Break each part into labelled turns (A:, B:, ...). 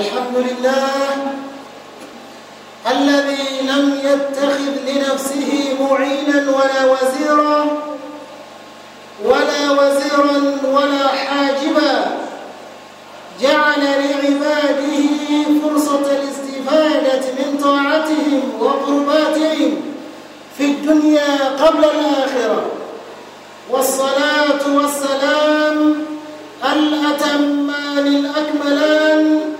A: الحمد لله الذي لم يتخذ لنفسه معينا ولا وزيرا ولا وزيرا ولا حاجبا جعل لعباده فرصة الاستفادة من طاعتهم وقرباتهم في الدنيا قبل الآخرة والصلاة والسلام الأتمان الأكملان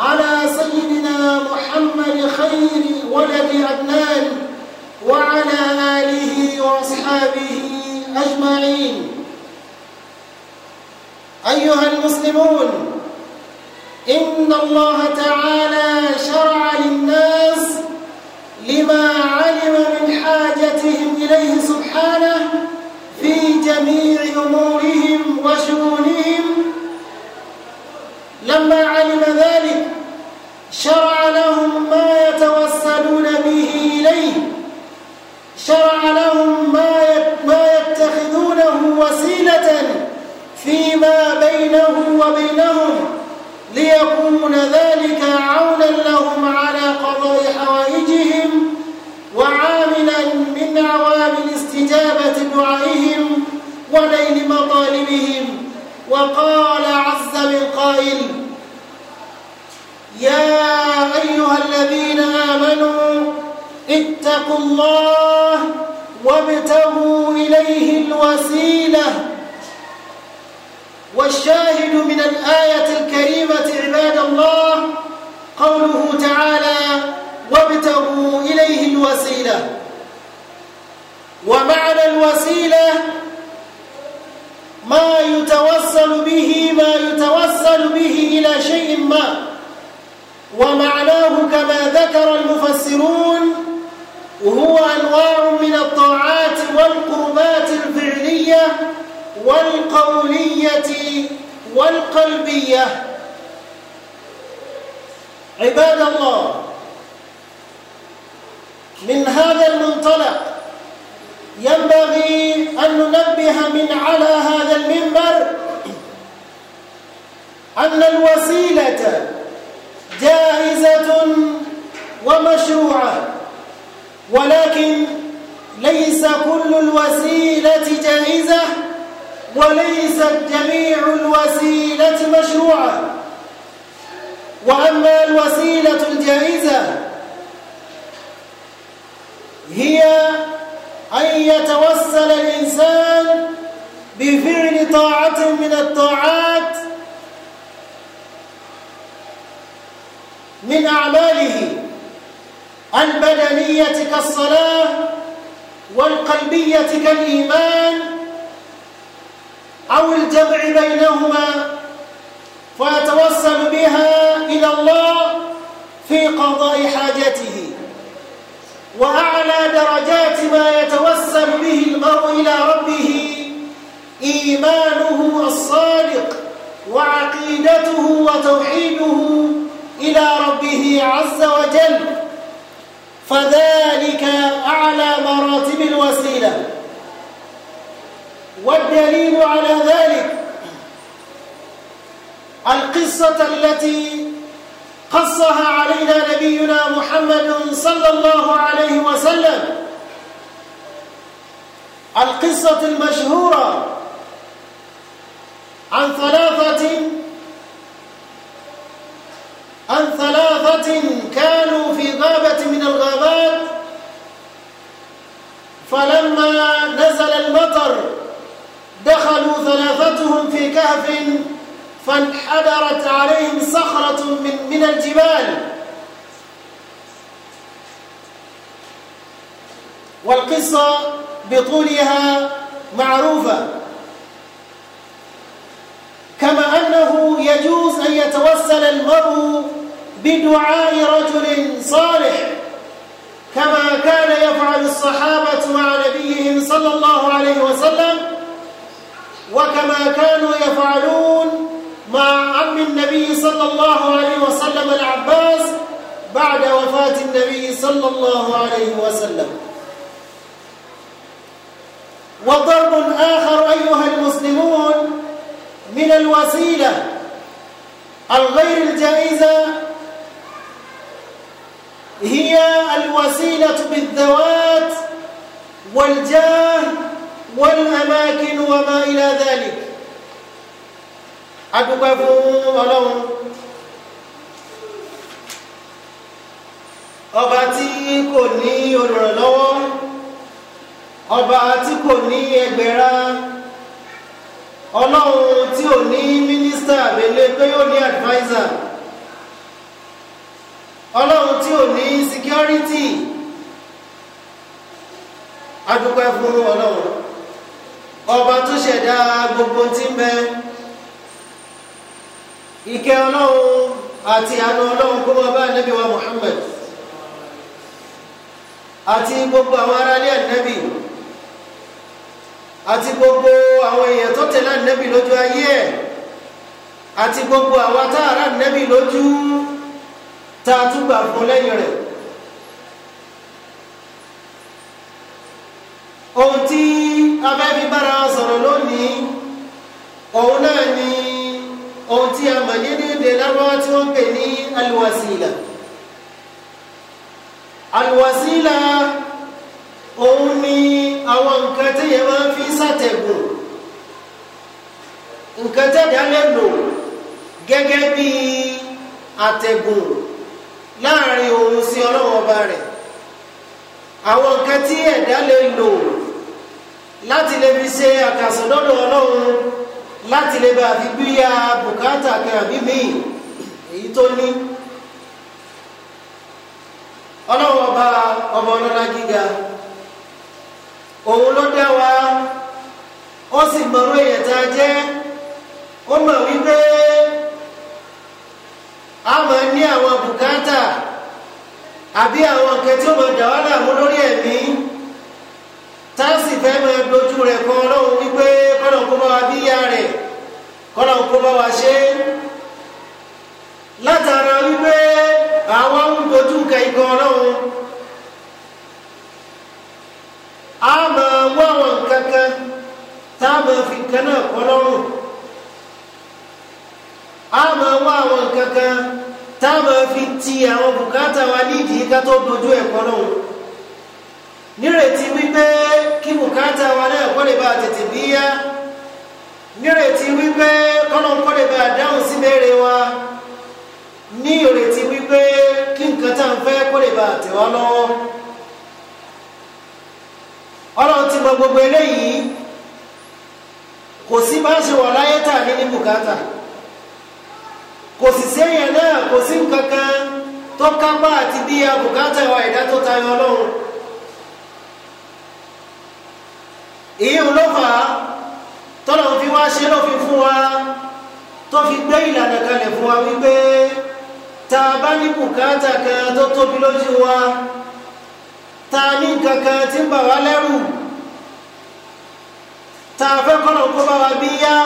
A: على سيدنا محمد خير ولد عدنان وعلى آله وأصحابه أجمعين أيها المسلمون إن الله تعالى شرع للناس لما علم من حاجتهم إليه سبحانه في جميع أمورهم وشؤونهم لما علم ذلك شرع لهم ما يتوسلون به إليه شرع لهم ما يتخذونه وسيلة فيما بينه وبينهم ليكون ذلك عونا لهم على قضاء حوائجهم وعاملا من عوامل استجابة دعائهم ونيل مطالبهم وقال عز من قائل يا أيها الذين آمنوا اتقوا الله وابتغوا إليه الوسيلة والشاهد من الآية الكريمة عباد الله قوله تعالى وابتغوا إليه الوسيلة ومعنى الوسيلة ما يتوصل به ما يتوصل به إلى شيء ما ومعناه كما ذكر المفسرون هو أنواع من الطاعات والقربات الفعلية والقولية والقلبية عباد الله من هذا المنطلق ينبغي أن ننبه من على هذا المنبر أن الوسيلة جائزة ومشروعة ولكن ليس كل الوسيلة جائزة وليست جميع الوسيلة مشروعة وأما الوسيلة الجائزة هي أن يتوسل الإنسان بفعل طاعة من الطاعات من أعماله البدنية كالصلاة والقلبية كالإيمان أو الجمع بينهما فيتوسل بها إلى الله في قضاء حاجته وأعلى درجات ما يتوسل به المرء إلى ربه إيمانه الصادق وعقيدته وتوحيده إلى ربه عز وجل فذلك أعلى مراتب الوسيلة والدليل على ذلك القصة التي قصها علينا نبينا محمد صلى الله عليه وسلم القصة المشهورة عن ثلاثة عن ثلاثة كانوا في غابة من الغابات فلما نزل المطر دخلوا ثلاثتهم في كهف فانحدرت عليهم صخرة من, من الجبال والقصة بطولها معروفة كما أنه يجوز أن يتوسل المرء بدعاء رجل صالح كما كان يفعل الصحابة مع نبيهم صلى الله عليه وسلم وكما كانوا يفعلون مع عم النبي صلى الله عليه وسلم العباس بعد وفاة النبي صلى الله عليه وسلم وضرب آخر أيها المسلمون من الوسيلة الغير الجائزة هي الوسيلة بالذوات والجاه والأماكن وما إلى ذلك أدقفوا ولهم ọba tí kò ní olùrànlọ́wọ́ ọba tí kò ní ẹgbẹ̀rán ọlọ́run tí ò ní mínísítà àbẹ̀lẹ̀ pé yóò ní adviser ọlọ́run tí ò ní security adúpẹ́ fún ọlọ́run ọba tó ṣẹ̀dá gbogbo tí ń bẹ ìkẹ́ ọlọ́run àti àánú ọlọ́run kó máa bá ànábì wa Muhammad àti gbogbo àwọn aráalé ànábì àti gbogbo àwọn èèyàn tó tẹ̀lé ànẹ́bì lójú ayé ẹ̀ àti gbogbo àwa tá àrà ànẹ́bì lójú tá a tún gbà fún lẹ́yìn rẹ̀ ohun tí abẹ́bí bára sọ̀rọ̀ lónìí òun náà ni ohun tí a mọ̀ ní dédé lárúbáwá tí wọ́n pè ní alwasila alwasila òun ni. àwọn nǹkan tí yẹn máa fi ṣàtẹ̀gùn nǹkan tẹ̀dá lè lò gẹ́gẹ́ bí àtẹ̀gùn láàrin òun sí ọba rẹ̀ àwọn nǹkan tí ẹ̀dá lè lò láti lè fi ṣe àkàsọ̀ ọlọ́run láti lè bá fi gbéya bùkátà kan ọba ọba ọlọ́lá gíga. òun ló dá wa ó sì mọ̀rọ̀ èèyàn tá a jẹ́ ó mọ̀ wípé a máa ní àwọn bùkátà àbí àwọn nǹkan tí ó máa dà wá láàmú lórí ẹ̀mí tá a sì fẹ́ máa dojú rẹ̀ kọ ọlọ́run wípé kọ́nà kó bá wa bí ìyá rẹ̀ kọ́nà kó bá wa ṣe látara wípé àwọn ń dojú kẹ́ ikọ̀ ọlọ́run. a máa wá àwọn nǹkan kan tá a máa fi a ti awọn bukata wa nídìí ka tó dojú ẹ̀kọ́ lọ́rùn nírètí wípé kí wa náà kọ́ lè bá tètè bíyá wipe kọlọ kọ́nà kọ́ lè wa ni ireti ọlọ́run ti mọ gbogbo eléyìí kò sí bá ṣe wà láyé tà ní ní bùkátà kò sì séyẹn náà kò sí nǹkan kan tó kápá àti bí abùkátà wa ẹ̀dá tó tayọ ọlọ́run èyí ló fà á tọ́lọ̀ fi wá ṣe lófin fún wa tó fi gbé ìlànà kalẹ̀ fún wa wípé tá a bá ní bùkátà kan tó tóbi lójú wa ta ní kankan tí ń bà wá lẹ́rù tá a fẹ́ kọ́nà kó bá wa bí yá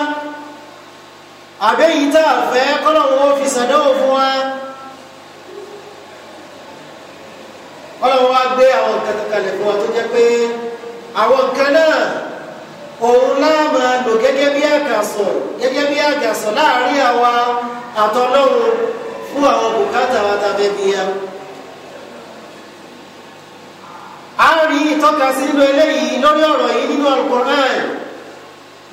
A: àbẹ́yìí tá a fẹ́ kọ́nà wọn fi ṣàdánwò fún wa ọlọ́run wá gbé àwọn nǹkan kalẹ̀ fún wa tó jẹ́ pé àwọn nǹkan náà òun náà máa lò gẹ́gẹ́ bí àgàsọ̀ gẹ́gẹ́ bí àgàsọ̀ láàárín àwa àtọ́lọ́run fún àwọn bùkátà wa tàbí bíyá a ń rí ìtọ́ka sí nínú eléyìí lórí ọ̀rọ̀ yìí nínú alukur'an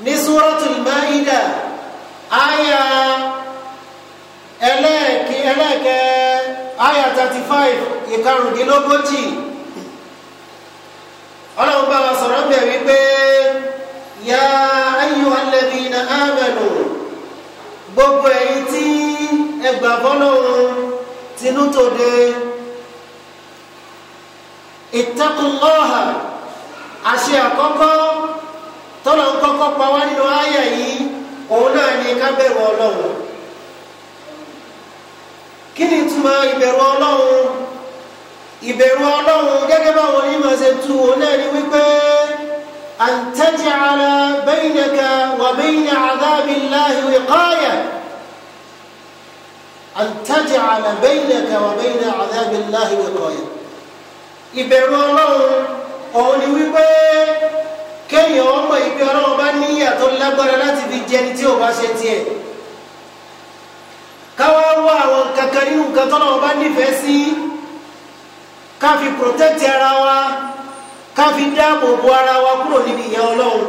A: ní suratul maida aya ẹlẹ́ẹ̀kẹ́ ẹlẹ́ẹ̀kẹ́ aya thirty five ìkarùndínlógójì ọlọ́run bá wa sọ̀rọ̀ bẹ̀ wípé ya ayyuhal ladhina amanu gbogbo ẹ̀yin tí ẹgbàgbọ́ lọ́run ìtẹ́kùnlọ́hà àṣẹ àkọ́kọ́ tọ́lọ̀ ń kọ́kọ́ pa wá nínú àyà yìí òun náà ní ká bẹ̀rù ọlọ́run kí ni ìtumọ̀ ìbẹ̀rù ọlọ́run ìbẹ̀rù ọlọ́run gẹ́gẹ́ báwọn onímọ̀ ṣe tu òun náà ni wípé an taj'ala baynaka wa bayna 'adhabillahi wiqaya an taj'ala baynaka wa bayna 'adhabillahi wiqaya ìbẹ̀rù ọlọ́run òun ni wípé kéèyàn ọmọ ìgbé ọlọ́run bá ní ìyà tó lágbára láti fi jẹni tí ò bá ṣe tiẹ̀ káwá wá àwọn kankan nínú nǹkan tọ́lọ́run bá nífẹ̀ẹ́ sí ká fi protect ara wa ká fi dáàbò bo ara wa kúrò níbi ìyà ọlọ́run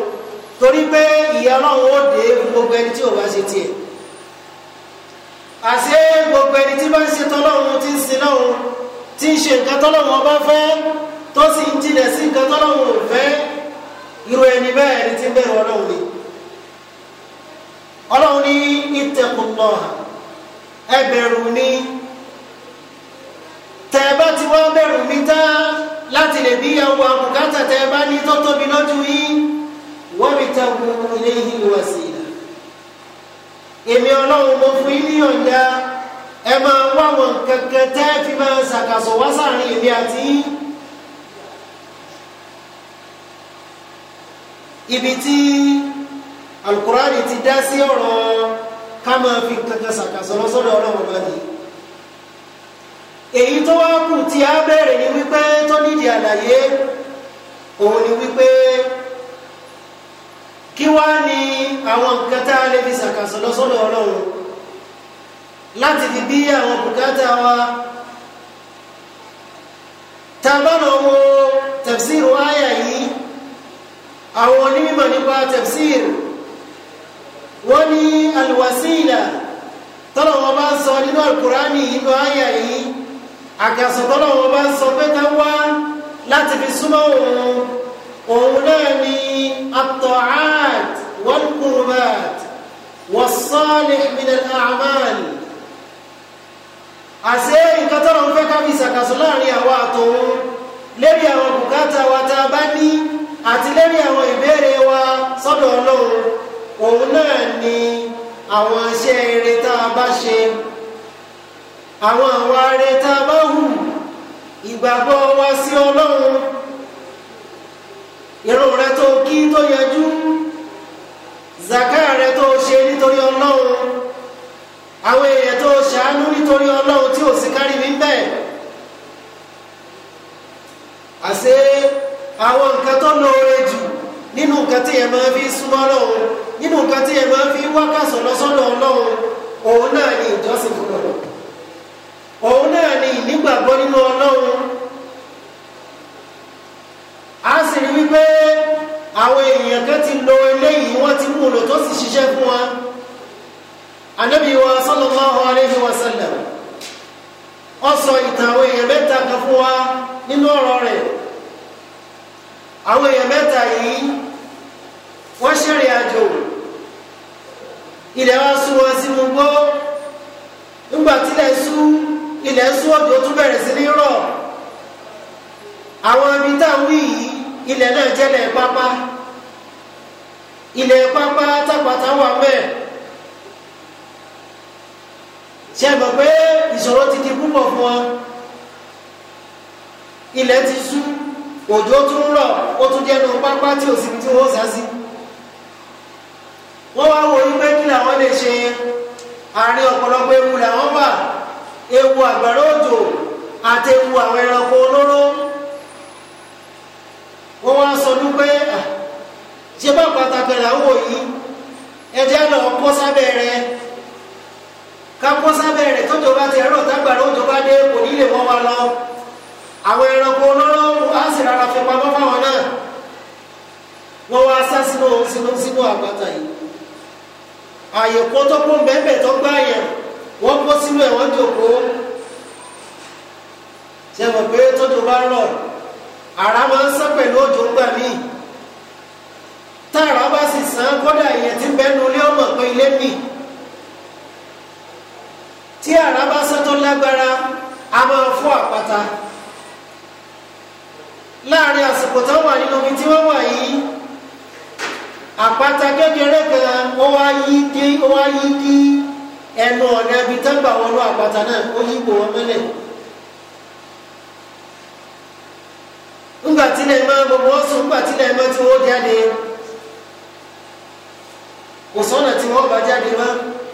A: torí pé ìyà ọlọ́run ó dé gbogbo ẹni tí ò bá ṣe tiẹ̀ àṣé gbogbo ẹni tí bá ń ṣe tọ́lọ́run ti ń sin lọ́run tí ń ṣe nǹkan tọ́lọ́wọ́n bá fẹ́ tó sì ń jìnà sí nǹkan tọ́lọ́wọ́n ò fẹ́ irú ẹni bẹ́ẹ̀ ẹni tí ń bẹ̀rù ọlọ́run ni ọlọ́run ní ìtẹ̀kùnlọ̀ ẹ bẹ̀rù ni tẹ́ ẹ bá ti wá bẹ̀rù mi tá láti lè bí ìyàwó àbùkátà tẹ́ bá ní tó tóbi lójú yín wọ́n mi tẹ́ gbogbo ilé yìí wá sí i èmi ọlọ́run mo fún yín níyànjá ẹ máa wá wọn kankan tẹ́ fi máa ṣàkàsọ̀ wá sáàrin èmi àti ibi tí alukurani ti dá sí ọ̀rọ̀ ká máa fi kankan ṣàkàsọ̀ lọ sọ́dọ̀ ọlọ́run bá ní. èyí tó wá kù tí a bẹ̀rẹ̀ ni wípé tó nídìí àlàyé òun ni wípé kí wá ní àwọn nǹkan tá a lè fi ṣàkàsọ̀ lọ sọ́dọ̀ láti fi bí àwọn bùkátà wa tàbánà wo tafsir wáyà yìí àwọn onímọ̀ nípa tafsir wọ́n ní alwasila tọ́lọ̀ wọn bá ń sọ nínú alukurani nínú àyà yìí àkàsọ̀ tọ́lọ̀ wọn bá ń sọ pé ká wá láti fi súnmọ́ òun òun náà ni at-ta'at wal-qurbat was-salih min al àṣẹ nǹkan tọ́rọ ń fẹ́ káfí ìsàkàsọ láàrin àwa àtòun lérí àwọn bùkátà wa tá a bá ní àti lérí àwọn ìbéèrè wa sọ́dọ̀ ọlọ́run òun náà ni àwọn iṣẹ́ eré tá a bá ṣe àwọn àwa eré tá a bá hù ìgbàgbọ́ wa sí ọlọ́run ìrun rẹ tó kí tó yanjú zaka rẹ tó ṣe nítorí ọlọ́run. àwọn èèyàn tó ṣàánú nítorí ọlọ́run tí ò sí kárí mi bẹ́ẹ̀ àṣé àwọn nǹkan tó lóore jù nínú nǹkan tí yẹn fi súnmọ́ ọlọ́run nínú nǹkan tí yẹn máa fi wákàsọ̀ lọ́sọ́dọ̀ ọlọ́run òun náà ni ìjọsìn fún ọlọ́run òun náà ni ìnígbàgbọ́ nínú ọlọ́run a sì rí wípé àwọn èèyàn ti lo eléyìí wọ́n ti mú un lò tó sì ṣiṣẹ́ fún anabi wa sallallahu alayhi wa sallam ó sọ ìtàn àwọn èèyàn mẹ́ta kan fún wa nínú ọ̀rọ̀ rẹ̀ àwọn èèyàn mẹ́ta yìí wọ́n ṣèrìn àjò ilẹ̀ wa sú wọn sí mu gbọ́ nígbà tílẹ̀ sú ilẹ̀ sú ọ̀dọ̀ tún bẹ̀rẹ̀ sí ní rọ̀ àwọn ibi tá à wí yìí ilẹ̀ náà jẹ́lẹ̀ pápá ilẹ̀ pápá tápátá wà mẹ́ẹ̀ ṣe mọ̀ pé ìṣòro ti di púpọ̀ fún wọn ilẹ̀ ti sú òjò tún rọ̀ ó tún jẹ́ nu pápá tí ò sí tí wọ́n sá sí wọ́n wá wo wípé kí làwọn lè ṣe àárín ọ̀pọ̀lọpọ̀ ewu làwọn wà ewu àgbàrá òjò àti ewu àwọn ẹranko olóró wọ́n wá sọ wípé ṣe bá pàtàkì làwọn wò yìí ẹjẹ́ lọ kọ́ sábẹ́ rẹ̀ ká bọ́ sábẹ́ rẹ̀ bá ti ẹ̀rọ tágbàrá òjò bá dé kò ní lè wọ́n lọ àwọn ẹranko ọlọ́rọ̀ á sì rárá fi pamọ́ fáwọn náà wọ́n wá sá sínú òun sínú sínú àgbàtà yìí àyè kan tó tó gbá yẹn wọ́n kó sínú ẹ̀ wọ́n jòkó ṣe mọ̀ pé tọ́jọ́ bá rọ̀ àrá máa ń sán pẹ̀lú òjò. àpáta bá tó lágbára a máa apata. àpáta láàrin àsìkò tó wà nínú omi tí wà yìí àpáta kékeré kan ó wá yí dí ó wá yí dí ẹnu ọ̀nà ibi tó gbà wọnú àpáta náà ó yí ipò wọn mẹ́lẹ̀ ńgbà tí lẹ́ẹ̀mọ́ gbogbo ọ̀sùn tí tí jáde kò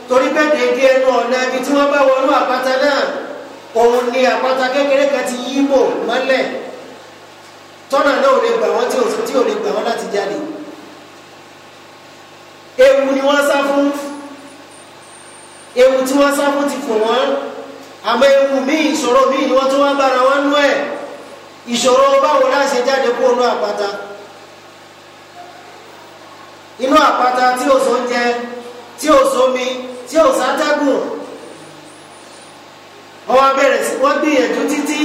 A: torí bẹ́ẹ̀ déédéé ẹnu ọ̀nà ibi tí wọ́n bá wọnú àpáta náà òun ni àpáta kékeré kan ti yí bò mọ́lẹ̀ tọ́nà náà ò lè gbà wọ́n tí ò lè gbà wọ́n láti jáde ewu ni wọ́n sá fún ewu tí wọ́n sá fún ti fò wọ́n àmọ́ ewu míì ìṣòro míì ni wọ́n tún wá bára wọn nú ẹ̀ ìṣòro báwo la ṣe jáde kó inú àpáta inú àpáta tí òṣò jẹ tí òṣò mi. tí ò sátágùn ọwọ́ abẹ́rẹ́ sí wọ́n gbìyànjú títí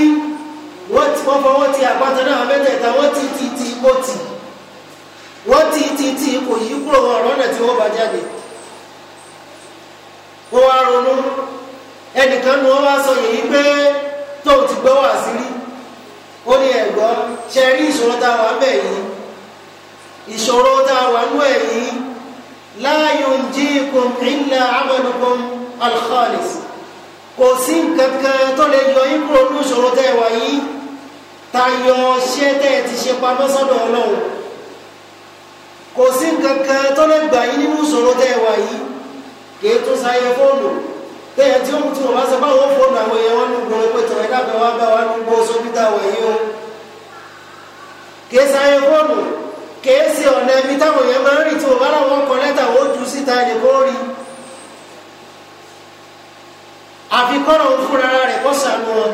A: wọ́n fọwọ́ ti àpáta náà mẹ́tẹ̀ẹ̀ta wọ́n ti ti ti ti ti ti kò yí kúrò ọ̀rọ̀ náà tí wọ́n bá jáde wọ́n wá ronú ẹnìkan nu sọ yìí pé ti gbọ́ sí rí ó ní ẹ̀gbọ́n ṣe rí ìṣòro tá a wà ń bẹ̀ la yunjikum illa amalukum alkhalis kò sí nǹkan kan tó lè yọ yín kúrò ní ìṣòro tẹ́ ẹ wà yìí tayọ ṣẹ́ tẹ́ ẹ ti ṣe pamọ́ sọ́dọ̀ ọlọ́run kò sí nǹkan kan tó lè gbà yín nínú ìṣòro tẹ́ ẹ yìí kì tún sáyẹ fóònù tẹ́yẹ tí ó tí wọ́n bá sọ pé fóònù àwọn èèyàn wọn ń gbọ́n pé tọ̀rẹ́ dàbẹ̀ wá bá wa ń gbọ́ sóbítà wọ̀nyí o kì sáyẹ fóònù kèésì ọ̀nà ibi táwọn èèyàn máa ń rìn tí wọ́n bá láwọn ọkọ̀ lẹ́tà ó jù síta ẹni kó rí àfi kọ́nà ń fúnra rẹ̀ kó sànú wọn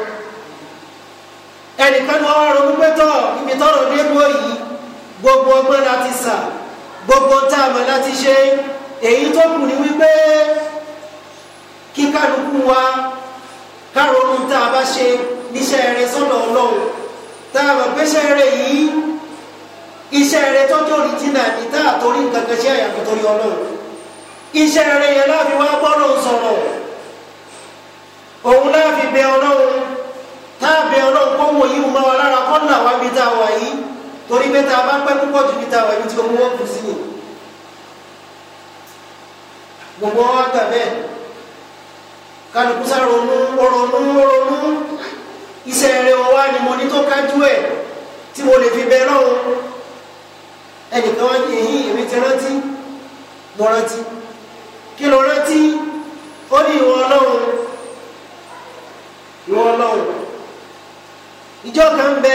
A: ẹnìkan ni wọ́n wá ronú pé tọ́ ibi tọ́rọ̀ dé bó yìí gbogbo ọgbọ́n láti sà gbogbo tá a mọ̀ láti ṣe èyí tó kù ní wípé kí kálukú wa káronú tá a bá ṣe níṣẹ́ rẹ̀ sọ́dọ̀ ọlọ́run tá a mọ̀ pé ṣẹ́ yìí iṣẹ́ rẹ tọ́jú òrìjìnà ní tá àtòrí nǹkan kan ṣe àyàfi torí ọlọ́run iṣẹ́ rẹ yẹn láàfin wá gbọ́dọ̀ sọ̀rọ̀ òun láàfin bẹ ọlọ́run tá a bẹ ọlọ́run kó wò yìí mọ́ wa lára kọ́ là wá bí tá a wà yìí torí pé tá a bá pẹ́ púpọ̀ jù bí tá a wà yìí tí owó wọ́n kù sí ni gbogbo wa gbà bẹ́ẹ̀ kálukú sá ronú ronú ronú iṣẹ́ rẹ wá ni mo tó kájú ẹ̀ tí mo lè fi bẹ lọ́run ẹnìkan wá ní èyí èmi ti rántí mo rántí kí ló rántí ó ní ìwọ ọlọ́run ìwọ ọlọ́run ìjọ kan bẹ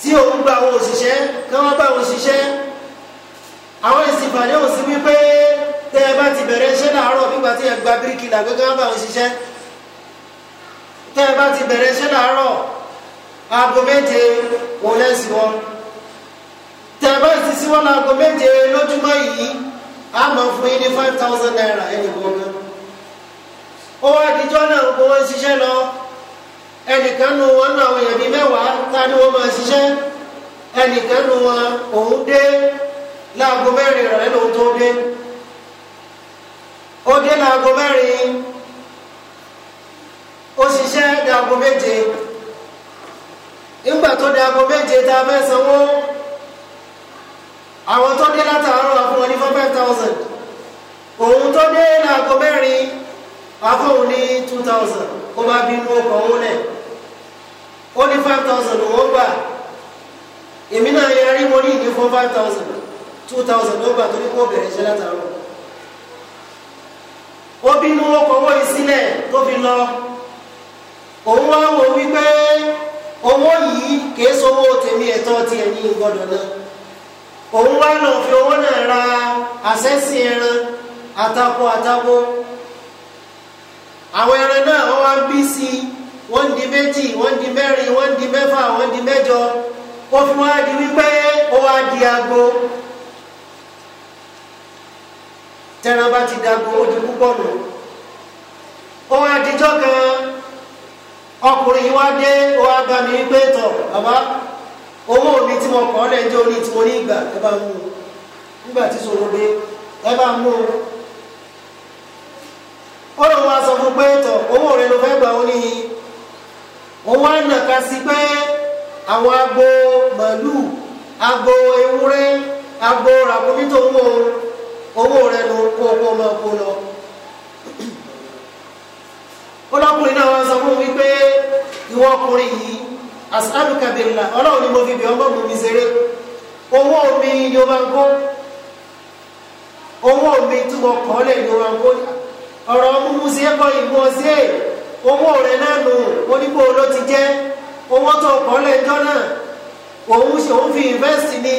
A: tí òun gba àwọn òṣìṣẹ́ kí wọ́n bá òun ṣiṣẹ́ àwọn ìsìnfàdé òsì wípé tẹ́ ẹ bá ti bẹ̀rẹ̀ iṣẹ́ láàárọ̀ nígbà tí ẹ gba bíríkìlà gbẹ́gbẹ́ wọn bá òun ṣiṣẹ́ tẹ́ ẹ bá ti bẹ̀rẹ̀ iṣẹ́ láàárọ̀ aago méje òun lẹ́sìn wọn. ti wọn láago méje lójúmọ́ yìí a máa five thousand naira ẹnì gbọ̀ngàn ó wá náà gbogbo wọn lọ ẹnìkan nu wọn nu àwọn èèyàn bíi mẹ́wàá ta ni máa ṣiṣẹ́ ẹnìkan nu wọn òun dé láago mẹ́rin rẹ̀ lóun tó dé ó dé láago mẹ́rin ó ṣiṣẹ́ dàgbo méje nígbà tó méje tá àwọn tó dé látàárọ̀ àfún wọn ní four five thousand òun tó dé láago mẹ́rin àfọ̀hún ní two thousand ó bá bínú ọkọ̀ òun lẹ̀ ó ní five thousand òun gbà èmi náà yarí mo ní ìdí four five thousand two thousand ó gbà torí kó bẹ̀rẹ̀ iṣẹ́ látàárọ̀ ó bínú ọkọ̀ owó yìí sílẹ̀ tó fi lọ òun wá wò wípé owó yìí sọ owó tèmi ẹ̀tọ́ tiẹ̀ ní òun wá lò fi owó náà ra àṣẹ́sìn ẹran àtakò àtakò àwọn ẹran náà wọ́n wá bí si, wọ́n di méjì wọ́n di mẹ́rin wọ́n di mẹ́fà wọ́n di mẹ́jọ ó fi wá di wípé ó wá di agbo tẹ́ran bá ti dago ó di púpọ̀ nù ó wá dijọ́ kan ọkùnrin yìí wá dé ó wá owó omi tí mo kọ́ lẹ́jọ́ orí tí mo ní ìgbà ẹ bá mú nígbà tí sòrò dé ẹ bá mú O ó lóun wá sọ fún pé owó rẹ ló fẹ́ gbà ó ní òun pé àwọn agbo màlúù agbo ewúrẹ́ agbo ràkúnmí tó owó rẹ ló kó lọ ó náà wá sọ fún mi pé as'aluka billah ọlọ́run ni mo fi bẹ̀ ọmọ mu mi ṣeré owó omi yóò máa ń kó owó kọ́ lẹ̀ yóò máa ń kó ọ̀rọ̀ mímú sí ẹ̀kọ́ ìmú owó rẹ̀ náà nù onígbò ló ti jẹ́ owó tó kọ́ lẹ̀ jọ́ náà òun ṣe òun fi invest ní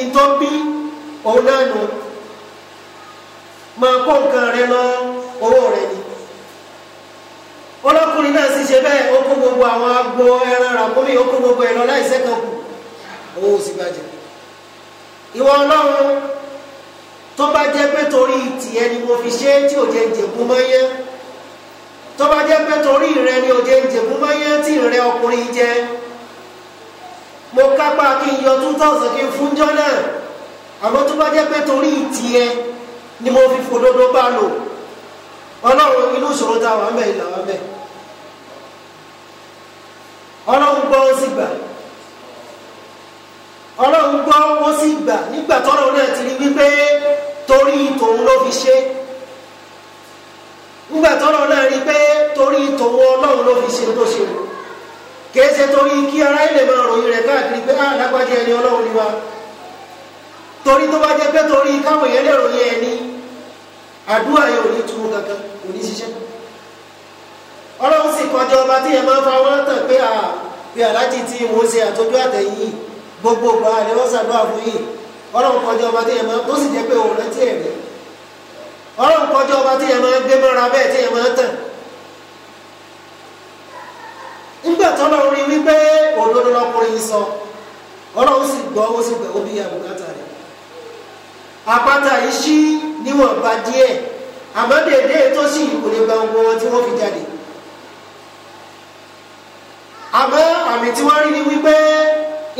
A: arákùnrin náà sì ṣe bẹ́ẹ̀ ó kó gbogbo àwọn agbo ẹran ràkúnmí ó kó gbogbo ẹ̀ láìsẹ́ kan kù owó ò sì gbàjẹ́ ìwọ ọlọ́run tó bá jẹ́ pé torí tìẹ ni mo fi ṣe é tí ò jẹ́ ìjẹ̀kú mọ́ tó bá jẹ́ pé torí rẹ ni ò jẹ́ ìjẹ̀kú mọ́ tí rẹ ọkùnrin jẹ mo kápá kí n yọ two thousand kí n fúnjọ́ náà àmọ́ tó bá jẹ́ pé torí tìẹ ni mo fi fòdodo bá lò ọlọ́run inú ìṣòro tá a wà ń ọlọ́run gbọ́ ó sì gbà ọlọ́run gbọ́ ó sì gbà nígbà tọ́lọ́ náà ti rí wípé torí tòun ló fi ṣe nígbà tọ́lọ́ náà rí pé torí tòun ọlọ́run ló fi ṣe tó ṣe kìí ṣe torí kí ara ilẹ̀ máa ròyìn rẹ̀ káàkiri pé á ah, lágbájá ẹni ọlọ́run ni wa torí tó bá jẹ́ pé torí káwọn èèyàn lè ròyìn ẹni àdúrà yẹn ò ní túmọ̀ kankan kò ní ṣiṣẹ́ kankan ọlọ́run sì kọjá ọba tí yẹn máa fa wọ́n tàn pé à pé aláàjì tí mo ṣe àtọ́jú àtẹ̀yìn gbogbo ọgbà rẹ̀ wọ́n ṣàdúrà yìí ọlọ́run kọjá ọba tí yẹn máa tó sì jẹ́ pé òun rántí ẹ̀ ọlọ́run kọjá ọba tí yẹn máa gbé mọ́ra bẹ́ẹ̀ tí yẹn máa tàn nígbà tó lọ rí wípé òdodo lọkùnrin sọ ọlọ́run sì gbọ́ ó sì gbẹ̀ ó bí àbùkátà rẹ̀ àpáta yìí ṣí níwọ̀nba àmọ́ àmì tí wọ́n rí ni wípé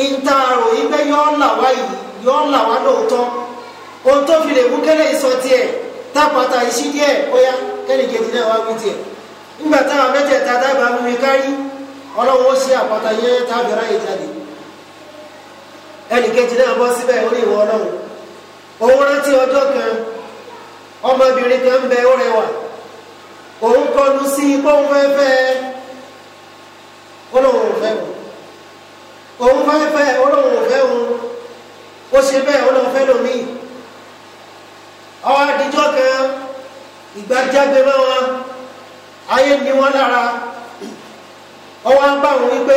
A: ìntaàrò yìí pé yọ́ là wá yìí yọ́ wá lóòótọ́ ohun tó fi lè mú kẹ́lẹ́ ìsọ tiẹ̀ tápàtà ìṣí díẹ̀ óyá kẹ́lẹ́ kejì náà wá wí tiẹ̀ nígbà táwọn mẹ́tẹ̀ẹ̀ta dábàá mímí kárí ọlọ́wọ́ ṣe àpáta yẹn tábìrá yìí jáde ẹnì náà bọ́ síbẹ̀ orí ìwọ ọlọ́run òun rántí kan ọmọbìnrin kan ń bẹ ó rẹwà òun kọlu sí olóhùn òfẹ́ wọn òun fẹ́ fẹ́ olóhùn òfẹ́ wọn ó ṣe bẹ́ẹ̀ olóhùn fẹ́ lómi ọwọ́ àdìjọ́ kan ìgbà jágbe mọ́ wọn ayé ni wọ́n lára ọwọ́ bá wọn wípé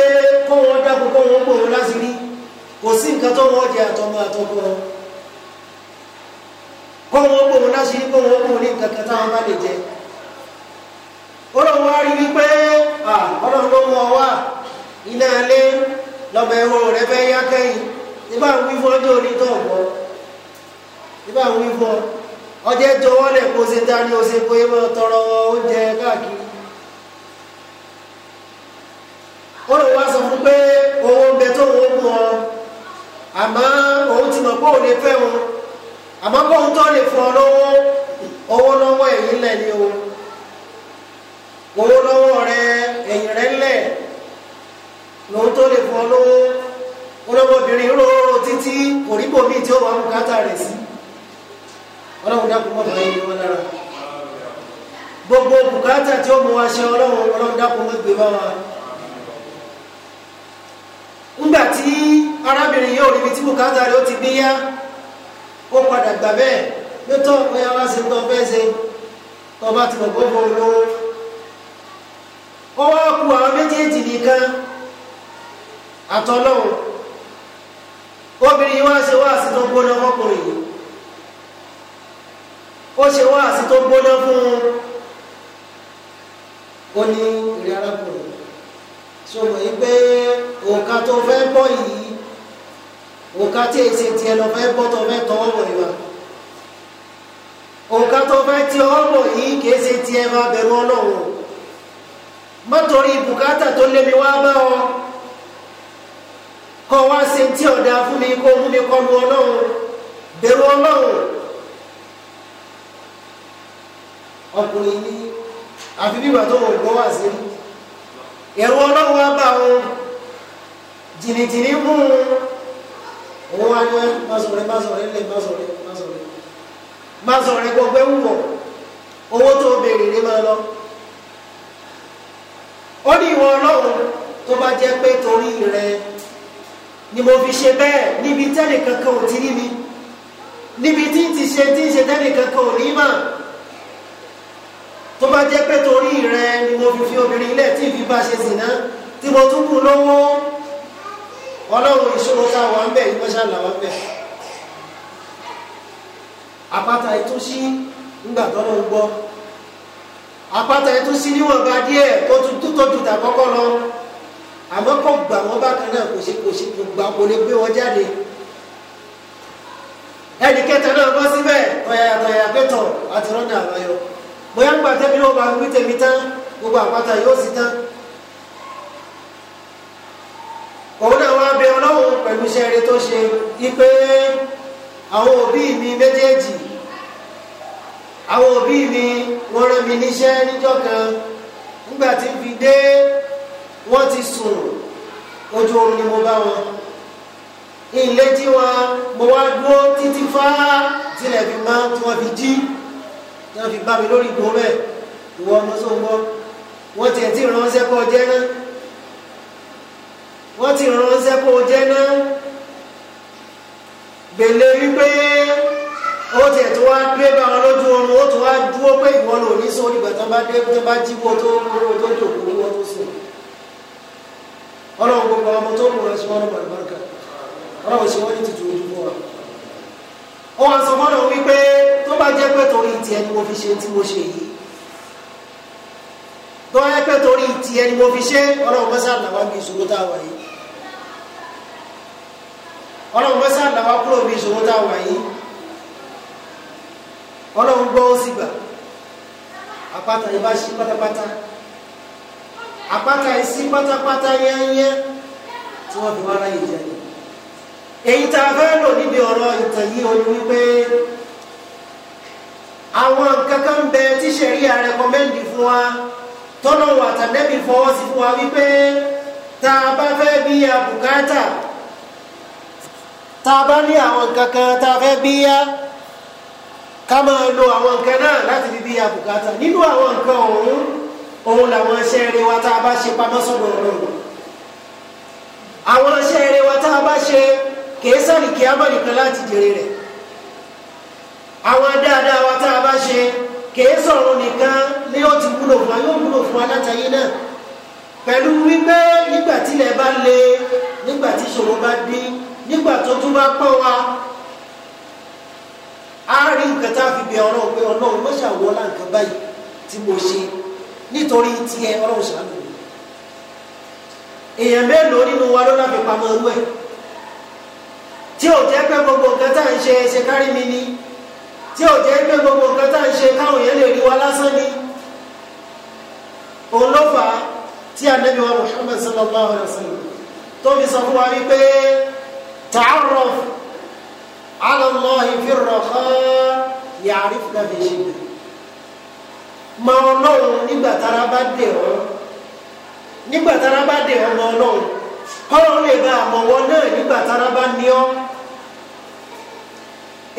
A: kó wọn dáko kó wọn gbòòrò láti rí kò sí nǹkan tó wọ́n jẹ àtọmọ àtọkọ wọn kó wọn gbòòrò láti rí kó wọn gbòòrò ní nǹkan kan táwọn bá lè jẹ olóhùn wa rí wípé. ọlọ́run ló mọ wá iná alẹ́ lọ́bẹ̀ ẹ̀wọ̀n rẹ fẹ́ yá kẹ́yìn nígbà wí fún ọjọ́ orí tó ọ̀gbọ́ nígbà wí fún ọjọ́ ẹjọ́ wọ́n lẹ̀ kó ṣe dání ó ṣe pé mọ́ tọrọ oúnjẹ káàkiri ó lè wá sọ fún pé owó ń bẹ tó owó lọ́wọ́ rẹ ẹ̀yìn rẹ lẹ̀ lòun tó lè fún ọ lówó olóbobìnrin róró títí kò rí bòmí tí ó wà mú kátà rẹ̀ sí ọlọ́run dákun mọ́ bàá yìí wọn lára gbogbo bùkátà tí ó mú wa ṣe ọlọ́run ọlọ́run dákun mọ́ gbé bá wa ńgbà tí arábìnrin yóò rí ibi tí ti gbé yá ó padà ó wá ku àwọn méjèèjì nìkan àtọ́lọ́hùn obìnrin yìí wá ṣe wáàsí tó gbóná fọkùnrin yìí ó ṣe wáàsí tó gbóná fún un ó ní ìrìn arákùnrin sọ̀rọ̀ yìí pé òǹkà tó fẹ́ bọ́ yìí òǹkà tí èsì tiẹ̀ lọ fẹ́ bọ́ tó fẹ́ tọwọ́ bọ̀ yìí òǹkà tó fẹ́ tí ọwọ́ yìí kì í ṣe tiẹ̀ máa bẹ̀rù ọlọ́run má torí bùkátà tó lé mi wá bá ọ kọ́ wá ṣe tí ọ̀dà fún mi kó fún mi kọlu ọlọ́run bẹ̀rù ọlọ́run ọkùnrin ní àfi bí ìgbà tó wò gbọ́ wá sí ẹ̀rù ọlọ́run wá bá ọ jìnnìjìnnì mú un òun wá ní wọn má sọ̀rọ̀ má sọ̀rọ̀ ẹ̀ má sọ̀rọ̀ má sọ̀rọ̀ má sọ̀rọ̀ ẹ̀ gbọ́ wọ̀ owó tó béèrè ní máa lọ ó ní ìwọ ọlọ́run tó bá jẹ́ pé torí rẹ ni mo fi ṣe bẹ́ẹ̀ níbi tẹ́lẹ̀ kankan ò ti rí mi níbi tí ń ti ṣe tí ń ṣe tẹ́lẹ̀ kankan ò ní mà tó bá jẹ́ pé torí rẹ ni mo fi fi obìnrin ilẹ̀ tí ìfi bá ṣe zìnà tí mo tún kù lówó ọlọ́run ìṣòro táwọn ń bẹ̀ yìí wọ́n ṣàlàwọ́ bẹ̀ àpáta ètò sí ńgbà tọ́lọ́ ń gbọ́ apata yẹn tó sí níwọ̀nba díẹ̀ tó tún tó dùn tàkọ́kọ́ lọ àmọ́ kò gbà wọ́n bákan náà kò sí kò sí kò gbà kò lè gbé wọn jáde ẹnì kẹta náà bọ́ síbẹ̀ tọ̀yàtọ̀yà pẹ̀tọ̀ àti rọ́nà àbáyọ bóyá ń gbà tẹ́mi náà bá wí tẹ̀mí tán gbogbo àpáta yóò sì tán òun náà wá bẹ ọlọ́run pẹ̀lú iṣẹ́ rẹ tó ṣe ipe àwọn òbí mi méjèèjì àwọn òbí mi wọ́n rán mi níṣẹ́ níjọ́ kan nígbà tí fi dé wọ́n ti sùn ojú oorun ni mo bá wọn ilé tí wọn mo wá dúró títí fá tilẹ̀ fi máa tí wọ́n fi jí tí wọ́n fi bá mi lórí ìgbó bẹ́ẹ̀ ìwọ ọmọ sóńgbọ́
B: wọ́n tiẹ̀ ti ránṣẹ́
A: kọ́ jẹ́ náà wọ́n ti ránṣẹ́ kọ́ jẹ́ náà gbèlè wípé ó tiẹ̀ tó wá gbé bá wọn lójú oorun ó tó wá dúró pé ìwọ lò ní sórí ìgbà tó bá dé tó bá jí wọ́n tó wọ́n tó jòkó wọ́n tó sùn ọlọ́run gbogbo ọmọ tó mú ẹsùn ọlọ́run bàbáríkà ọlọ́run sì wọ́n ní tìtù ojú fún wa. ó wàá sọ mọ́nà wípé tó bá jẹ́ pé torí tiẹ̀ ni mo fi ṣe tí mo ṣe yìí tó yẹ pé torí tiẹ̀ ni mo fi ṣe ọlọ́run mẹ́sà làwọn bí ìṣòro tá a wà yìí ọlọ́run mẹ́sà làwọn kúrò bí ìṣòro tá a wà yìí ọlọ́run gbọ́ ó sì gbà àpáta yẹn bá ṣí pátápátá àpáta yẹn sí pátápátá yẹ́nyẹ́ tí wọ́n fi wá ráyè jẹ́ èyí tá a fẹ́ lò níbi ọ̀rọ̀ ìtàn yìí ó ní wípé àwọn nǹkan kan bẹ tí ṣẹ̀ríà rẹkọmẹ́ndì fún wa tọ́lọ́wọ́ àtàndẹ́bì fọwọ́ sí fún wa wípé tá a bá fẹ́ bí i tá a bá ní àwọn nǹkan kan tá a fẹ́ bí i ká máa lo àwọn nǹkan náà láti fi bí àbùkátà nínú àwọn nǹkan ọ̀hún òun làwọn iṣẹ́ eré wa tá a bá ṣe pamọ́ sọ́dọ̀ ọlọ́run àwọn iṣẹ́ eré wa tá a bá ṣe kìí sàlì kí á láti jèrè rẹ̀ àwọn dáadáa wa tá a bá ṣe kìí sọ̀rọ̀ nìkan ni ó ti wúlò fún wa yóò wúlò fún wa látàyé náà pẹ̀lú wípé nígbà tílẹ̀ bá le nígbà tí ìṣòro bá dín nígbà tó tún bá pọ̀ wa á rí nǹkan tá a fi bẹ ọlọ́run pé ọlọ́run má ṣàwọlá nǹkan báyìí tí mo ṣe nítorí tiẹ̀ ọlọ́run ṣàánú mi èèyàn mélòó nínú wa ló láfi pamọ́ irú ẹ̀ tí ò jẹ́ pé gbogbo nǹkan tá à ń ṣe ṣe kárí mi ni tí ò jẹ́ pé gbogbo nǹkan tá à ń ṣe káwọn èèyàn lè rí wa lásán ni òun ló fà á wa Muhammad sallallahu alayhi wa sallam tó fi sọ fún wa wípé ta'arraf. على الله في الرخاء يعرفنا في شدة mọ Ọlọ́run nígbà tára bá dé ọ nígbà tára bá dé ọ mọ Ọlọ́run kọlọ lè bá àmọwọ náà nígbà tára bá ní ọ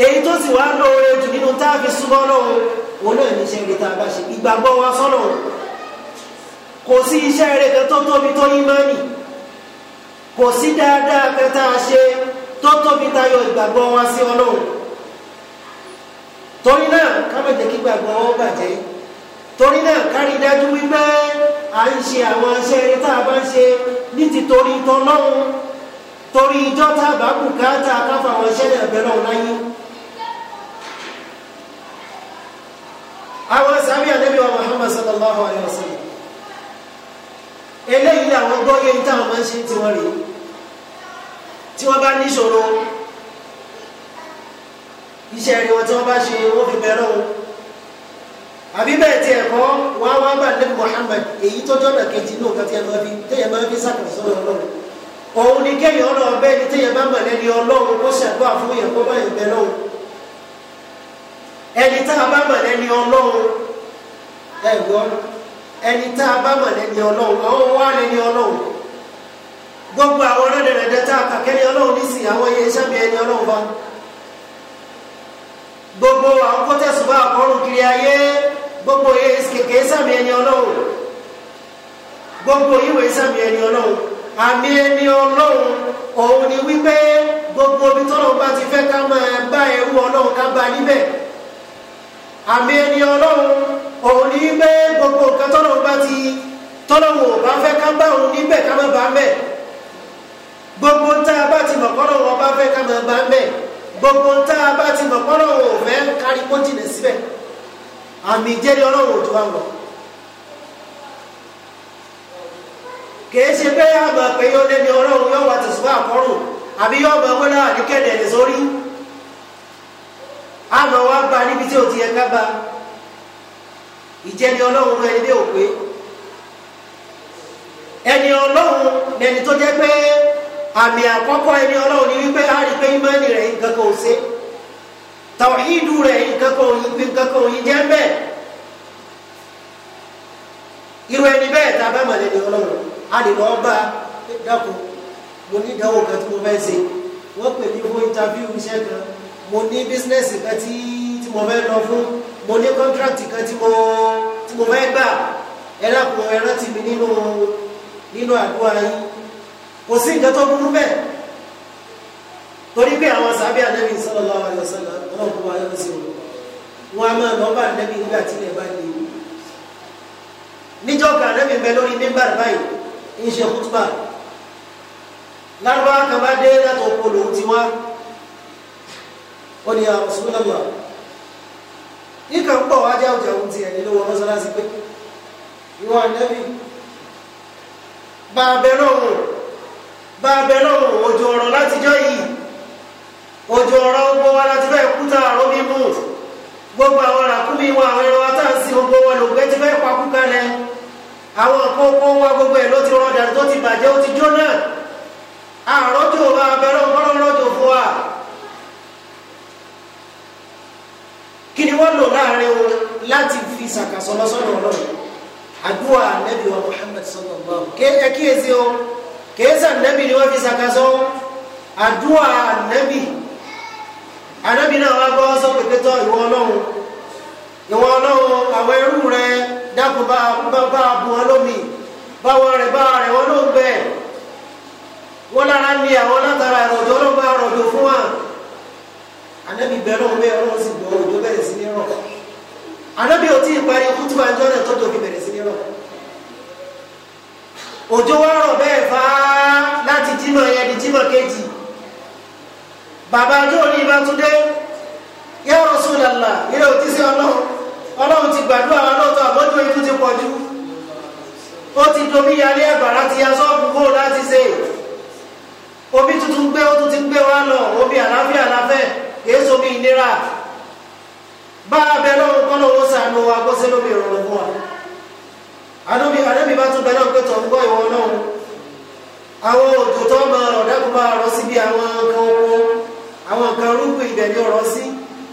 A: èyí tó sì wá lóore jù nínú tá a fi súnmọ́ Ọlọ́run òun náà ní iṣẹ́ ìrètà bá ṣe ìgbàgbọ́ wa sọ́nà kò sí iṣẹ́ ìrètà tó tóbi tó yí máa nì kò sí dáadáa kẹta ṣe tó tóbi tayọ ìgbàgbọ́ wa sí ọlọ́run torí náà ká má jẹ́ kí gbàgbọ́ wọn bàjẹ́ torí náà ká rí dájú wípé à ń ṣe àwọn iṣẹ́ eré tá a bá ń ṣe ní ti torí tọlọ́run torí ìjọ tá a bá bùkátà káfà àwọn iṣẹ́ náà bẹ̀rẹ̀ ọ̀hún láyé. àwọn sàmì ànábì wa muhammad sallallahu alayhi wa sallam eléyìí làwọn gbọ́ yẹn táwọn máa ń ṣe tiwọn rèé tí wọ́n bá níṣòro iṣẹ́ ni wọ́n tí wọ́n bá ṣe wọ́n fi bẹ̀rẹ̀ o àbí bẹ́ẹ̀ tí ẹ̀kọ́ wá wá bá Nabi Muhammad èyí tó jọ́nà kejì ní òkè tí ẹ máa fi téèyàn máa fi sàkóso ọlọ́run òun ni kéèyàn ọ̀nà ọbẹ̀ ni téèyàn bá mọ̀ lẹ́ni ọlọ́run kó ṣàdúrà fún yẹn kó bá yẹn bẹ̀ lọ́wọ́ ẹni tá a bá mọ̀ lẹ́ni ọlọ́run ẹ̀gbọ́n ẹni tá a bá mọ̀ lẹ́ni ọlọ́run àwọn wá lẹ́ni ọlọ́run gbogbo àwọn ọlọ́dẹ̀rẹ̀dẹ̀ tá a kà kẹ́ni ọlọ́run nísìnyí àwọn iye iṣẹ́ mi ẹni ọlọ́run bá gbogbo àwọn kọ́tẹ̀sùbá àkọ́rùn kiri ayé gbogbo iye kèké sàmì ẹni ọlọ́run gbogbo ìwé sàmì ẹni ọlọ́run àmì ẹni ọlọ́run òun ni wípé gbogbo omi tọ́lọ́run bá ti fẹ́ ká máa bá ẹrú ọlọ́run ká bá níbẹ̀ àmì ẹni ọlọ́run òun ni wípé gbogbo nǹkan tọ́lọ́run bá ti tọ́lọ́run ò bá fẹ́ ká bá òun níbẹ̀ ká má bá bẹ́ẹ̀. gbogbo ń bá ti mọ̀ kọ́rọ̀ wọn bá fẹ́ ká máa bá ń bẹ̀ gbogbo ń a bá ti mọ̀ kọ́rọ̀ wọn ò fẹ́ kárí kó jìnà síbẹ̀ àmì ìjẹ́rìí ọlọ́run ò tó wà lọ. kìí ṣe pé àmọ̀ pé yóò lẹ́ni ọlọ́run yóò àkọ́rùn àbí yóò mọ̀ wọ́n náà ti yẹ ba ọlọ́run ẹni ọlọ́run ẹni tó jẹ́ pé àmì àkọ́kọ́ ẹni ọlọ́run ni wípé a rí pé ìmánì rẹ̀ nǹkan kan ò ṣe tàwíìdù rẹ̀ nǹkan kan òyìn pé nǹkan kan òyìn jẹ́ bẹ́ẹ̀ irú ẹni bẹ́ẹ̀ tá bá mọ̀lẹ́ ni ọlọ́run a lè lọ bá dákun mo ní ìdánwò kan tí mo fẹ́ ṣe wọ́n pè mí fún interview iṣẹ́ kan mo ní bísínẹ́sì kan tí mo fẹ́ lọ fún mo ní kọ́ńtrákìtì kan tí mo tí mo fẹ́ gbà ẹ dákun ẹ rántí mi nínú nínú àdúrà yìí kò sí nǹkan tó burú bẹ́ẹ̀ torí pé àwọn sàbí ànábì sallallahu alaihi wasallam ọlọ́run wa yọ sí wọn wọn a máa lọ bá ànábì nígbà tí ilẹ̀ bá lè wù níjọ́ kan ànábì bẹ lórí mímbàrì báyìí ń ṣe kútùbà lárúbá kan bá dé látọ̀ oko lòun ti wá ó ní àwọn sùnmùlọ́gbà pọ̀ wájà ọjà ohun ti ẹ̀yìn lówó mọ́sálásí pé ìwọ ànábì bá abẹ náà wọ̀ bá a bẹ lọ́wọ́ òjò ọ̀rọ̀ látijọ́ yìí òjò ọ̀rọ̀ gbọ́ wa láti fẹ́ kúta àrò mímú gbogbo àwọn ràkúmí wa àwọn ẹran wa tá à ń sin gbogbo wọn lògbẹ́ ti fẹ́ pakú kalẹ̀ àwọn àpòpò wa gbogbo ẹ̀ ló ti rọ dànù tó ti bàjẹ́ ó ti jóná àròjò bá a bẹ lọ́wọ́ lọ́jọ́ fún wa kí ni wọ́n lò láàrin wọn láti fi ṣàkàsọ́ lọ́sọ́dọ̀ ọlọ́run àdúrà nẹ́bí wa Muhammad sallallahu alaihi wasallam kí ẹ kíyèsí o kèésà nẹ́bì ni wọ́n fi sàkásọ́ àdúrà nẹ́bì anábì náà wá gbọ́ sọ pé pétọ́ ìwọ ọlọ́run ìwọ ọlọ́run àwọn ẹrú rẹ dákun bá bá bu wọn lómi báwọn rẹ bá rẹ wọn ló ń bẹ wọn lára ní àwọn látara ìrọ̀jò ọlọ́gbà ìrọ̀jò fún wa anábì bẹ́ẹ̀ náà bẹ́ẹ̀ ọlọ́run sì gbọ́ òjò bẹ̀rẹ̀ sí ní rọ̀ anábì ò tí ì parí kútùbà ìjọ́nà tó tó fi bẹ̀rẹ̀ sí ní rọ̀ òjò wá rọ̀ bẹ́ẹ̀ fà á láti jímọ̀ yẹn di jímọ̀ kejì bàbá yóò ní ibátúndé ya Rasulullah ilé òtísí ọlọ́run ọlọ́run ti gbàdúrà wa lọ́tọ̀ àbójú ikú ti pọ̀jù ó ti domi yalé ẹ̀bà láti ya sọ́ọ̀bù kó láti ṣe omi tuntun gbé ó tún ti gbé wa lọ omi àlàáfíà láfẹ́ èso mi ìnira bá abẹ lọ́run kọ́ sànù wa kó sẹ́lómi ìrọ̀rùn fún àdóbi àdóbi bá tún bẹ̀rẹ̀ pé tọ̀gbọ́ ìwọ náà àwọn òjò tó máa rọ̀ dákun máa rọ̀ síbi àwọn nǹkan owó àwọn nǹkan rúgbìn ibẹ̀ ni ọ̀rọ̀ sí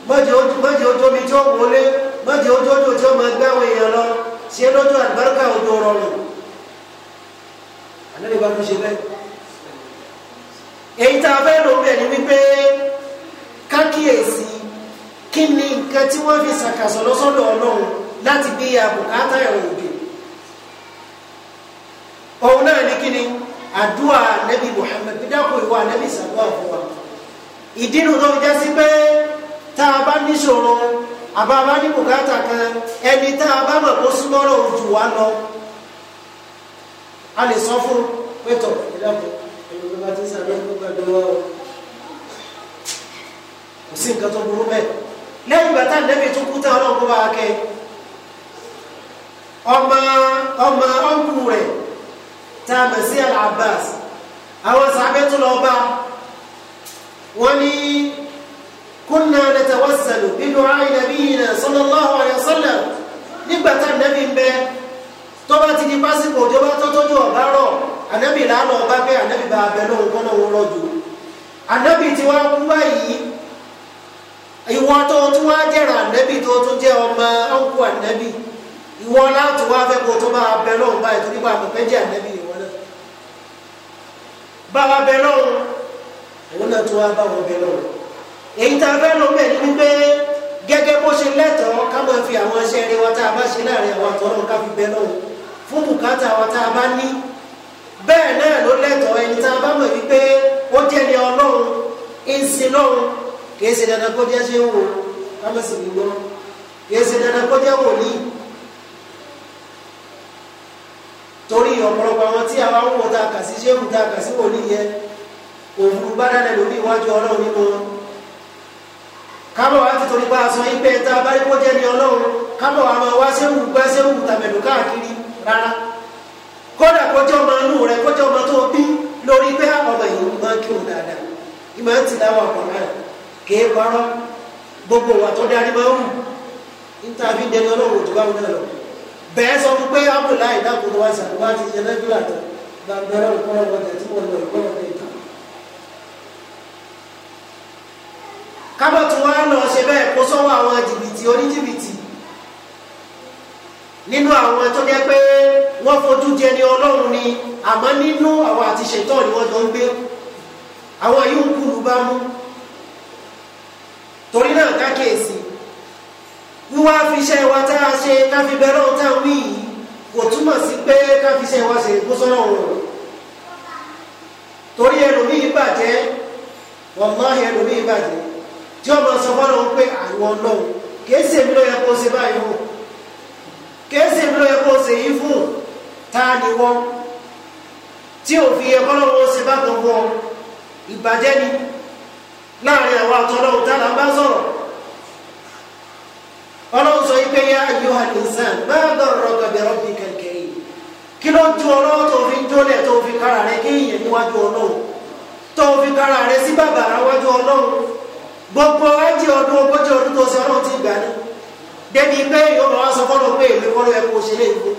A: mọ́jẹ́ ojú omi tí ó wọlé mọ́jẹ́ ojú ojú tí ó máa gbé àwọn èèyàn lọ ṣe lọ́jọ́ àgbáríkà ojú ọ̀rọ̀ nù àdóbi bá tún ṣe bẹ́ẹ̀. èyí tá a fẹ́ lò bẹ̀ ni wípé kákíyèsí kí ni nǹkan tí wọ́n fi ṣàkàsọ̀ lọ́sọ́dọ̀ ọlọ́run láti gbé àbùkátà ẹ̀wọ̀n òkè o náà ní kíni àdúrà nẹ́bí ìwà nẹ́bí sàgbà pé tá a bá níṣòro àbá ní bùkátà kan ẹni tá a bá mọ̀ kó súnmọ́rọ̀ ojú wa lọ a lè sọ fún pétọ̀ ìdáàbò ẹni tó bá ti sàgbà o kò sí nǹkan tó burú bẹ́ẹ̀ lẹ́yìn nẹ́bí tó kú tá ọlọ́run kó bá a tá a mọ̀ sí Al-Abbas àwọn sàbẹ̀ tó lọ bá wọn ní kunna natawassalu bi du'a'i nabiyyina sallallahu alayhi wa sallam nígbà tá nàbí ń bẹ tó bá ti di pásítọ̀ òjò bá tó tójú ọ̀bá rọ̀ ànábì làálọ̀ bá bẹ́ ànábì bá abẹ lóhun kọ́nà òun rọ̀jò ànábì tí wàá kú báyìí ìwọ tó tún wá jẹ́ra ànábì tó tún jẹ́ ọmọ ọ̀nkú ànábì ìwọ láti wá fẹ́ kó tó máa abẹ lóhun báyìí tó nípa àpẹẹjẹ ànábì rẹ̀ bàbá bẹ lọ́run òun náà tó wá bá wọn bẹ lọ́run èyí tá a bẹ lọ bẹ́ẹ̀ ni wípé gẹ́gẹ́ bó ṣe lẹ́tọ̀ọ́ ká máa fi àwọn iṣẹ́ rẹ wa tá a bá ṣe láàrin àwọn àtọrọ ká fi bẹ lọ́run fún bùkátà wa tá a bá ní bẹ́ẹ̀ náà ló lẹ́tọ̀ọ́ ẹni tá a bá mọ̀ wípé ó jẹ́ ni ọlọ́run ìsìn lọ́run kì í ṣe dandan kó jẹ́ ṣe wò ká má sì gbígbọ́ kì í ṣe dandan kó jẹ́ wòlíì torí ọ̀pọ̀lọpọ̀ àwọn tí àwa ń wò tá a kà sí ṣéwù tá a kà sí wòlíì yẹ òfurufú bá dáná lórí iwájú ọlọ́run nínú wọn kábọ̀ wá ti torí bá a sọ yín pé tá a bá rí kó jẹ́ ní ọlọ́run kábọ̀ wá máa wá ṣéwù gbá ṣéwù tàbẹ̀dù káàkiri rárá kódà kọjọ́ ọmọ inú rẹ kọjọ́ ọmọ tó bí lórí pé ọmọ yìí máa ń kírun dáadáa ìmọ̀ ẹ̀ ti dáwọ́ ọ̀pọ̀lọpọ̀ kéé parọ́ gbogbo wa tó darí máa ń wù bẹ́ẹ̀ sọ fún pé abdullahi dákun tó wá ṣàdúrà ti ṣe lẹ́gbẹ̀rẹ̀ àtọ́ gbàgbẹ́rẹ́ òkúrọ̀ ọ̀dẹ̀ tí wọ́n lọ ìkọ́lọ̀ ní ìtàn. kábọ̀tù wa lọ ṣe bẹ́ẹ̀ kó sọ́wọ́ àwọn jìbìtì oníjìbìtì nínú àwọn tó jẹ́ pé wọ́n fojú jẹ ní ọlọ́run ni àmọ́ nínú àwọn àti ṣètọ́ ni wọ́n jọ ń gbé àwọn yìí ń kúrú bá mú torí náà ká kíyèsí wíwá fi iṣẹ́ wa tá a ṣe ká fi bẹ̀rẹ̀ ohun tá a wí yìí kò túmọ̀ sí pé ká fi iṣẹ́ wa ṣe kó sọ́nà òun torí ẹlòmíì bàjẹ́ wàláhì ẹlòmíì bàjẹ́ tí ọmọ sọ fọ́nà pé àwọn náà kìí ṣe ló yẹ kó ṣe báyìí fún kìí ṣe ló yẹ kó ṣe yìí fún tá a wọ́n tí òfin yẹ kọ́nà wọn ṣe bá kan ìbàjẹ́ ni láàrin àwọn àtọ́lọ́hùn tá a là bá sọ̀rọ̀ ọlọ́run sọ yìí pé yá ayyuhal insan ma darraka bi rabbikal karim kí ló ju ọlọ́run tó fi jólẹ̀ tó fi kára rẹ kéèyàn níwájú ọlọ́run tó fi kára rẹ sí bàbá àwájú ọlọ́run gbogbo ẹjì ọdún ogójì ọdún tó ṣe ọlọ́run ti gbà ní débi pé yóò máa sọ fọ́nà pé èmi kọ́ ló yẹ kó ṣe lé ìgbó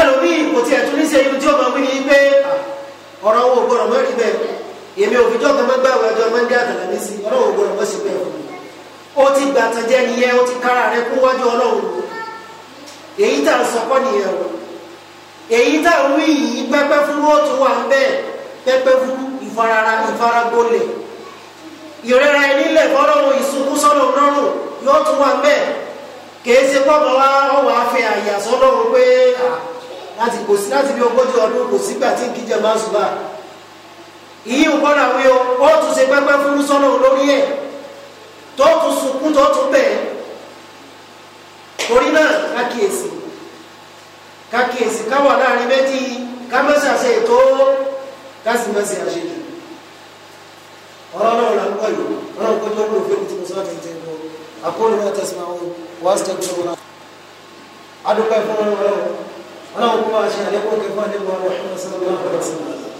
A: ẹlòmíì kò tiẹ̀ tún ní ṣe ibi tí ó máa wí pé ọ̀rọ̀ owó gbọ́dọ̀ mọ́ rí bẹ́ẹ̀ èmi òfin jọ́ kan mọ́ gbàgbọ́ ẹjọ́ mọ́ ń dé àtàlà ní gbọ́dọ̀ mọ́ sí bẹ́ẹ̀ fún ó ti gbàtànjẹ́ nìyẹn ó ti kára rẹ wájú ọlọ́run èyí tá à ń sọkọ́ nìyẹn o èyí tá à ń wí yìí pẹ́pẹ́ fúru ó tún wà ń bẹ́ẹ̀ pẹ́pẹ́ fúru ìfarara ìfaragbolẹ̀ ìrẹ́ra ẹnílẹ̀ fọlọ́run ìsunkún sọ́lọ́ lọ́rùn yóò tún wà ń bẹ́ẹ̀ kìí ṣe pọ́pọ́ wá ọwọ́ afẹ́ àyà pé láti kò sí láti ogójì ọdún kò tí kìjẹ máa ń sùn bá ìyí ń ó tún ṣe pẹ́pẹ́ tó tún sunkún tó tún bẹ̀ torí náà kákìyèsí kákìyèsí káwà láàrin méjì ká má ṣàṣe ètò ká sì má ṣe àṣejù ọ̀rọ̀ náà là ń kọ́ yìí ọ̀rọ̀ nǹkan tó wúlò fún mi tí mo sọ́ọ́ tẹ̀tẹ̀ ń bọ̀ àkóòrò náà tẹ̀sí máa ń wá sí tẹ̀sí wọn. adúpẹ́ fún ọlọ́run ọlọ́run kó máa ṣe àlékún kẹfọ́ àdébọ̀ ọlọ́run ṣọlá ọlọ́run ṣọlá